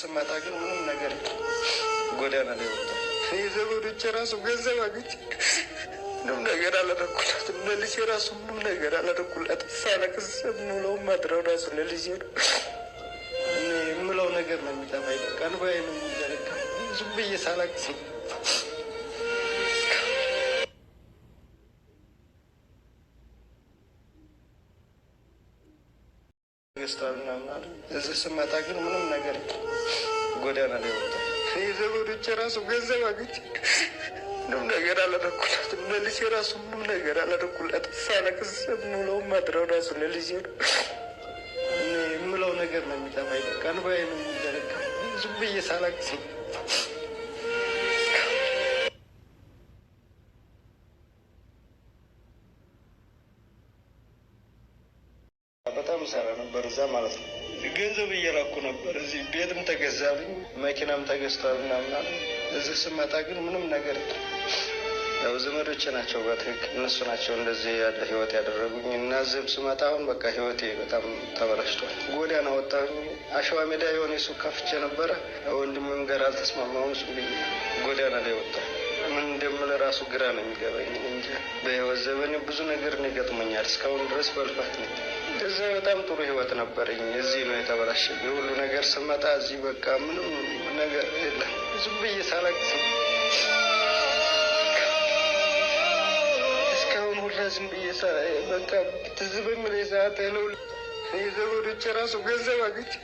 ስመጣ ግን ምንም ነገር ጎዳና ላይ ወጣ የዘመዶቼ ራሱ ገንዘብ አግኝቼ ምንም ነገር አላደረኩላትም። ለልጄ ራሱ ምንም ነገር አላደረኩላትም። ሳለቅስ ምለው ማድረው ራሱ ለልጄ ነው የምለው ነገር ነው የሚጠፋኝ። ቀንባዬ ነው የሚዘረጋ ዝም ብዬ ሳለቅስ ተገዝቷል ምናምን አሉ። እዚህ ስመጣ ግን ምንም ነገር ጎዳና ላይ ወጣ የዘመዶች ራሱ ገንዘብ አግኝቼ ምንም ነገር አላደረኩላትም። ለልጄ ራሱ ምንም ነገር አላደረኩላትም። ሳለቅስ ምለው ማድረው ራሱ ለልጄ ነው የምለው ነገር ነው የሚጠፋኝ። ቀንባይ ነው የሚደረጋ ዝም ብዬ ሳላቅስ በጣም ሰራ ነበር እዛ ማለት ነው። ገንዘብ እየላኩ ነበር። እዚህ ቤትም ተገዛልኝ፣ መኪናም ተገዝቷል ምናምን። እዚህ ስመጣ ግን ምንም ነገር ያው ዘመዶቼ ናቸው በትክክል እነሱ ናቸው እንደዚህ ያለ ህይወት ያደረጉኝ እና እዚህም ስመጣ አሁን በቃ ህይወቴ በጣም ተበላሽቷል። ጎዳና ወጣሁኝ። አሸዋ ሜዳ የሆነ ሱቅ ከፍቼ ነበረ። ወንድሜም ጋር አልተስማማሁም። ጎዳና ላይ ወጣ ምን እንደምል ራሱ ግራ ነው የሚገባኝ። እንጂ በህይወት ዘመኔ ብዙ ነገር ነው ይገጥመኛል። እስካሁን ድረስ በልፋት ነኝ። እዛ በጣም ጥሩ ህይወት ነበረኝ። እዚህ ነው የተበላሸ የሁሉ ነገር ስመጣ እዚህ በቃ ምንም ነገር የለም። ዝም ብዬ ሳላቅስ እስካሁን ሁላ ዝም ብዬ በቃ ትዝ በሚለኝ ሰዓት ለሁሉ የዘመዶቼ ራሱ ገንዘብ አግኝቼ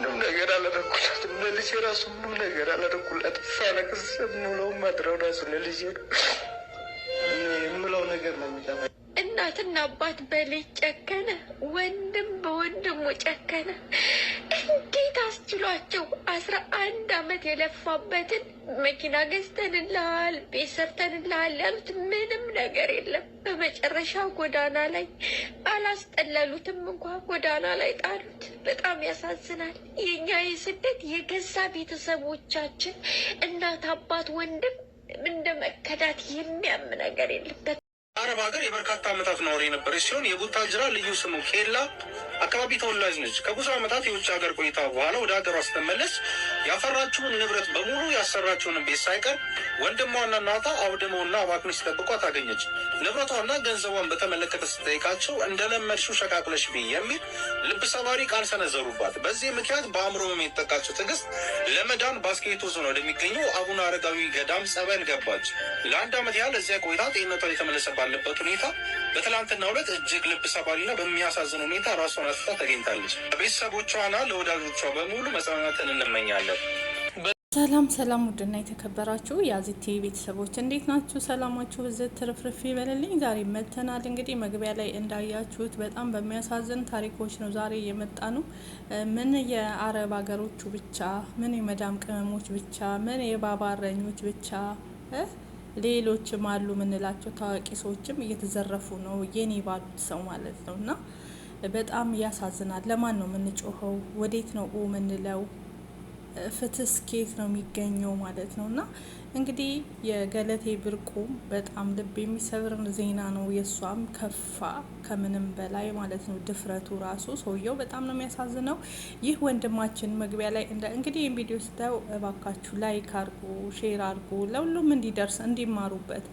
ምንም ነገር አላደረኩላትም። ለልጄ ራሱ ምንም ነገር አላደረኩላትም። ሳለቅስ የምውለው ማድረው ራሱ ለልጄ የምለው ነገር ነው የሚጠፋ እናትና አባት በልጅ ጨከነ፣ ወንድም በወንድሙ ጨከነ። እንዴት አስችሏቸው አስራ አንድ አመት የለፋበትን መኪና ገዝተንልሃል፣ ቤት ሰርተንልሃል ያሉት ምንም ነገር የለም። በመጨረሻ ጎዳና ላይ አላስጠለሉትም እንኳ ጎዳና ላይ ጣሉት። በጣም ያሳዝናል። የእኛ የስደት የገዛ ቤተሰቦቻችን እናት፣ አባት፣ ወንድም እንደ መከዳት የሚያም ነገር የለበት። አረብ ሀገር የበርካታ ዓመታት ነዋሪ የነበረች ሲሆን የቡታጅራ ልዩ ስሙ ኬላ አካባቢ ተወላጅ ነች። ከብዙ ዓመታት የውጭ ሀገር ቆይታ በኋላ ወደ ሀገሯ ስትመለስ ያፈራችውን ንብረት በሙሉ ያሰራችውን ቤት ሳይቀር ወንድሟና እናቷ አውድመውና አባክኖ ሲጠብቋ ታገኘች። ንብረቷና ገንዘቧን በተመለከተ ስጠይቃቸው እንደለመድሽው ሸቃቅለሽ ብይ የሚል ልብ ሰባሪ ቃል ሰነዘሩባት። በዚህ ምክንያት በአእምሮ የሚጠቃቸው ትዕግስት ለመዳን ባስኬቶ ዞን ወደሚገኘው አቡነ አረጋዊ ገዳም ጸበል ገባች። ለአንድ ዓመት ያህል እዚያ ቆይታ ጤንነቷ የተመለሰ ባለበት ሁኔታ በትላንትና ሁለት እጅግ ልብ ሰባሪና በሚያሳዝን ሁኔታ ራሷን አጥታ ተገኝታለች። ቤተሰቦቿና ለወዳጆቿ በሙሉ መጽናናትን እንመኛለን። ሰላም ሰላም፣ ውድና የተከበራችሁ የአዚቲ ቤተሰቦች እንዴት ናችሁ? ሰላማችሁ ብዝት ትርፍርፍ ይበልልኝ። ዛሬ መተናል። እንግዲህ መግቢያ ላይ እንዳያችሁት በጣም በሚያሳዝን ታሪኮች ነው ዛሬ የመጣ ነው። ምን የአረብ ሀገሮቹ ብቻ፣ ምን የመዳም ቅመሞች ብቻ፣ ምን የባባረኞች ብቻ፣ ሌሎችም አሉ ምንላቸው ታዋቂ ሰዎችም እየተዘረፉ ነው፣ የኔ ባሉት ሰው ማለት ነው። እና በጣም ያሳዝናል። ለማን ነው የምንጮኸው? ወዴት ነው ምንለው? ፍትህ ስኬት ነው የሚገኘው ማለት ነው። እና እንግዲህ የገለቴ ብርቁ በጣም ልብ የሚሰብርን ዜና ነው። የእሷም ከፋ ከምንም በላይ ማለት ነው። ድፍረቱ ራሱ ሰውየው በጣም ነው የሚያሳዝነው። ይህ ወንድማችን መግቢያ ላይ እንግዲህ ይህን ቪዲዮ ስታዩ እባካችሁ ላይክ አርጉ፣ ሼር አርጉ ለሁሉም እንዲደርስ እንዲማሩበት።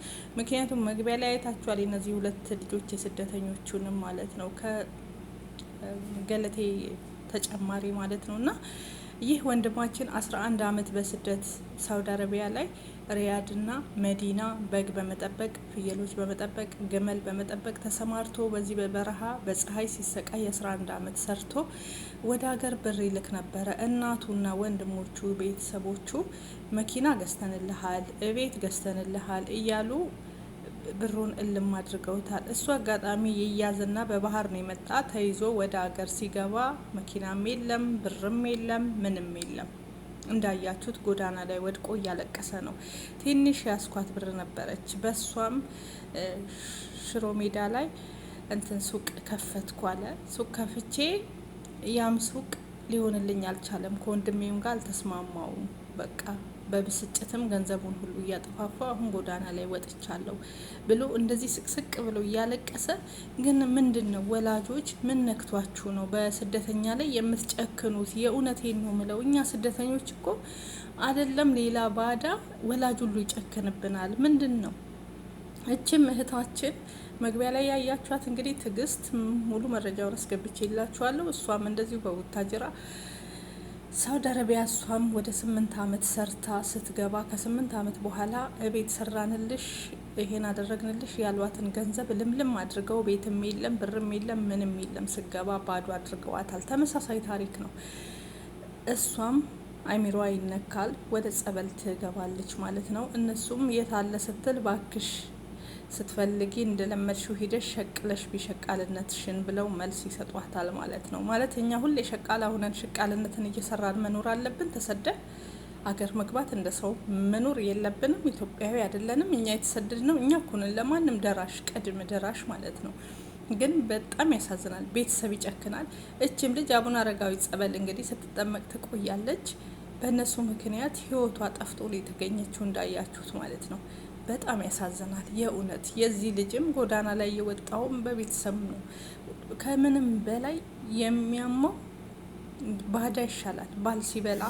ምክንያቱም መግቢያ ላይ አይታችኋል እነዚህ ሁለት ልጆች የስደተኞቹንም ማለት ነው ከገለቴ ተጨማሪ ማለት ነው እና ይህ ወንድማችን 11 ዓመት በስደት ሳውዲ አረቢያ ላይ ሪያድና መዲና በግ በመጠበቅ ፍየሎች በመጠበቅ ግመል በመጠበቅ ተሰማርቶ በዚህ በበረሃ በፀሐይ ሲሰቃይ 11 ዓመት ሰርቶ ወደ ሀገር ብር ይልክ ነበረ። እናቱና ወንድሞቹ ቤተሰቦቹ መኪና ገዝተንልሃል፣ ቤት ገዝተንልሃል እያሉ ብሩን እልም አድርገውታል። እሱ አጋጣሚ ይያዝና በባህር ነው የመጣ ተይዞ ወደ አገር ሲገባ መኪናም የለም፣ ብርም የለም፣ ምንም የለም። እንዳያችሁት ጎዳና ላይ ወድቆ እያለቀሰ ነው። ትንሽ ያስኳት ብር ነበረች። በሷም ሽሮ ሜዳ ላይ እንትን ሱቅ ከፈትኩ አለ። ሱቅ ከፍቼ ያም ሱቅ ሊሆንልኝ አልቻለም። ከወንድሜም ጋር አልተስማማውም። በቃ በብስጭትም ገንዘቡን ሁሉ እያጠፋፋ አሁን ጎዳና ላይ ወጥቻለሁ ብሎ እንደዚህ ስቅስቅ ብሎ እያለቀሰ ግን ምንድን ነው ወላጆች ምን ነክቷችሁ ነው በስደተኛ ላይ የምትጨክኑት? የእውነቴን ነው ምለው እኛ ስደተኞች እኮ አይደለም ሌላ ባዳ ወላጅ ሁሉ ይጨክንብናል። ምንድን ነው እችም እህታችን መግቢያ ላይ ያያችኋት እንግዲህ ትግስት ሙሉ መረጃውን አስገብቼ ይላችኋለሁ። እሷም እንደዚሁ በቡታጅራ ሳውዲ አረቢያ እሷም ወደ ስምንት አመት ሰርታ ስትገባ ከስምንት ዓመት በኋላ ቤት ሰራንልሽ፣ ይሄን አደረግንልሽ ያሏትን ገንዘብ ልምልም አድርገው ቤትም የለም ብርም የለም ምንም የለም ስገባ ባዶ አድርገዋታል። ተመሳሳይ ታሪክ ነው። እሷም አይሚሯ ይነካል፣ ወደ ጸበል ትገባለች ማለት ነው። እነሱም የታለ ስትል ባክሽ ስትፈልጊ እንደለመድሽው ሂደሽ ሸቅለሽ ቢሸቃልነትሽን ብለው መልስ ይሰጧታል ማለት ነው። ማለት እኛ ሁሌ ሸቃላ ሁነን ሸቃልነትን እየሰራን መኖር አለብን? ተሰደን አገር መግባት እንደ ሰው መኖር የለብንም። ኢትዮጵያዊ አይደለንም እኛ የተሰደድ ነው። እኛ ኩንን ለማንም ደራሽ፣ ቀድም ደራሽ ማለት ነው። ግን በጣም ያሳዝናል። ቤተሰብ ይጨክናል። እችም ልጅ አቡነ አረጋዊ ጸበል እንግዲህ ስትጠመቅ ትቆያለች። በእነሱ ምክንያት ህይወቷ ጠፍቶ የተገኘችው እንዳያችሁት ማለት ነው። በጣም ያሳዝናል። የእውነት የዚህ ልጅም ጎዳና ላይ የወጣውም በቤተሰብ ነው። ከምንም በላይ የሚያማው ባዳ ይሻላል። ባል ሲበላ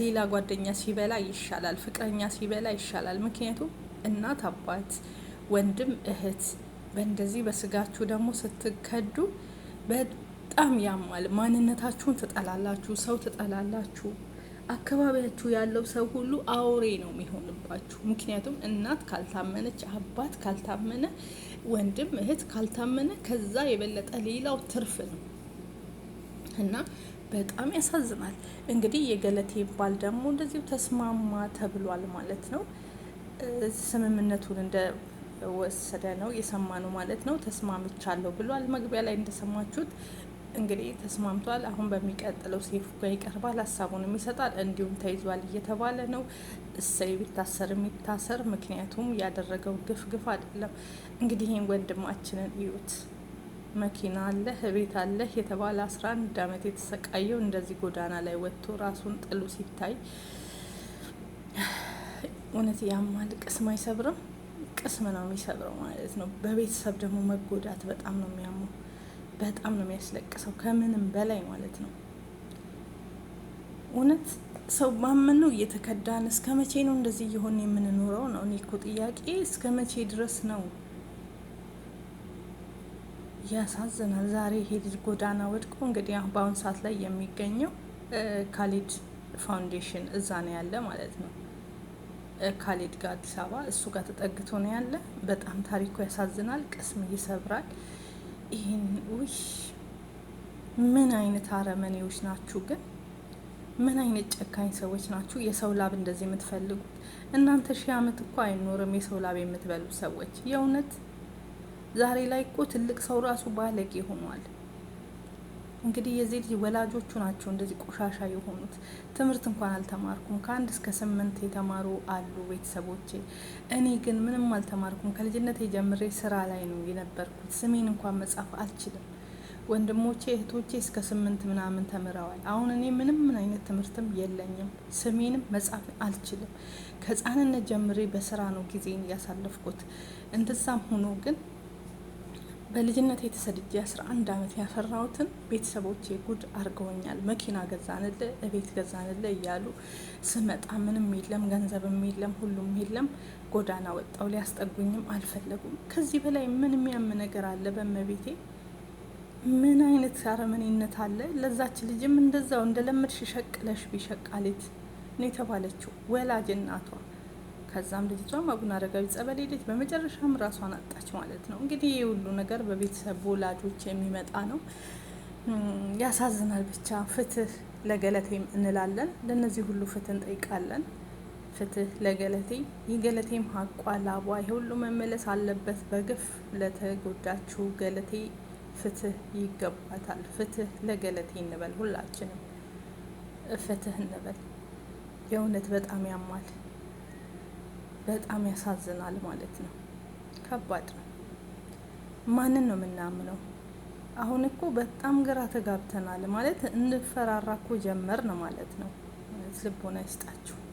ሌላ ጓደኛ ሲበላ ይሻላል። ፍቅረኛ ሲበላ ይሻላል። ምክንያቱም እናት፣ አባት፣ ወንድም፣ እህት በእንደዚህ በስጋችሁ ደግሞ ስትከዱ በጣም ያማል። ማንነታችሁን ትጠላላችሁ፣ ሰው ትጠላላችሁ። አካባቢያችሁ ያለው ሰው ሁሉ አውሬ ነው የሚሆንባችሁ። ምክንያቱም እናት ካልታመነች፣ አባት ካልታመነ፣ ወንድም እህት ካልታመነ ከዛ የበለጠ ሌላው ትርፍ ነው እና በጣም ያሳዝናል። እንግዲህ የገለቴ ባል ደግሞ እንደዚሁ ተስማማ ተብሏል ማለት ነው። ስምምነቱን እንደወሰደ ነው የሰማ ነው ማለት ነው። ተስማምቻለሁ ብሏል። መግቢያ ላይ እንደሰማችሁት እንግዲህ ተስማምቷል። አሁን በሚቀጥለው ሴፉ ጋር ይቀርባል፣ ሀሳቡንም ይሰጣል፣ እንዲሁም ተይዟል እየተባለ ነው። እሰይ ቢታሰር የሚታሰር ምክንያቱም ያደረገው ግፍ ግፍ አይደለም። እንግዲህ ይህን ወንድማችንን እዩት። መኪና አለህ ቤት አለህ የተባለ አስራ አንድ አመት የተሰቃየው እንደዚህ ጎዳና ላይ ወጥቶ ራሱን ጥሉ ሲታይ እውነት ያማል። ቅስም አይሰብርም? ቅስም ነው የሚሰብረው ማለት ነው። በቤተሰብ ደግሞ መጎዳት በጣም ነው የሚያመው። በጣም ነው የሚያስለቅሰው፣ ከምንም በላይ ማለት ነው። እውነት ሰው ማመን ነው እየተከዳን። እስከ መቼ ነው እንደዚህ እየሆን የምንኖረው ነው? እኔ እኮ ጥያቄ እስከ መቼ ድረስ ነው? ያሳዝናል። ዛሬ ይሄ ልጅ ጎዳና ወድቆ እንግዲህ በአሁን ሰዓት ላይ የሚገኘው ካሌድ ፋውንዴሽን እዛ ነው ያለ ማለት ነው። ካሌድ ጋር አዲስ አበባ እሱ ጋር ተጠግቶ ነው ያለ። በጣም ታሪኩ ያሳዝናል፣ ቅስም ይሰብራል። ይህን ውይ ምን አይነት አረመኔዎች ናችሁ ግን ምን አይነት ጨካኝ ሰዎች ናችሁ? የሰው ላብ እንደዚህ የምትፈልጉት እናንተ ሺህ ዓመት እኮ አይኖርም የሰው ላብ የምትበሉ ሰዎች። የእውነት ዛሬ ላይ እኮ ትልቅ ሰው ራሱ ባለጌ ሆኗል። እንግዲህ የዚህ ልጅ ወላጆቹ ናቸው እንደዚህ ቆሻሻ የሆኑት። ትምህርት እንኳን አልተማርኩም። ከአንድ እስከ ስምንት የተማሩ አሉ ቤተሰቦቼ። እኔ ግን ምንም አልተማርኩም። ከልጅነት የጀምሬ ስራ ላይ ነው የነበርኩት። ስሜን እንኳን መጻፍ አልችልም። ወንድሞቼ እህቶቼ እስከ ስምንት ምናምን ተምረዋል። አሁን እኔ ምንም ምን አይነት ትምህርትም የለኝም። ስሜንም መጻፍ አልችልም። ከህፃንነት ጀምሬ በስራ ነው ጊዜን እያሳለፍኩት እንደዛም ሆኖ ግን በልጅነት የተሰድጄ አስራ አንድ አመት ያፈራሁትን ቤተሰቦቼ ጉድ አድርገውኛል። መኪና ገዛንል፣ እቤት ገዛንል እያሉ ስመጣ ምንም የለም፣ ገንዘብም የለም፣ ሁሉም የለም። ጎዳና ወጣው ሊያስጠጉኝም አልፈለጉም። ከዚህ በላይ ምን የሚያም ነገር አለ? በመቤቴ ምን አይነት አረመኔነት አለ? ለዛች ልጅም እንደዛው እንደለምድሽ ሸቅለሽ ቢሸቃሌት ነው የተባለችው ወላጅ እናቷ ከዛም ልጅቷም አቡነ አረጋዊ ጸበል ሄደች። በመጨረሻም ራሷን አጣች ማለት ነው። እንግዲህ ይህ ሁሉ ነገር በቤተሰብ ወላጆች የሚመጣ ነው። ያሳዝናል። ብቻ ፍትህ ለገለቴም እንላለን። ለነዚህ ሁሉ ፍትህ እንጠይቃለን። ፍትህ ለገለቴ የገለቴም ሀቋ ላቧ ሁሉ መመለስ አለበት። በግፍ ለተጎዳችው ገለቴ ፍትህ ይገባታል። ፍትህ ለገለቴ እንበል፣ ሁላችንም ፍትህ እንበል። የእውነት በጣም ያማል። በጣም ያሳዝናል ማለት ነው። ከባድ ነው። ማንን ነው የምናምነው? አሁን እኮ በጣም ግራ ተጋብተናል ማለት እንፈራራ እኮ ጀመርን ማለት ነው። ልቦና ይስጣችሁ።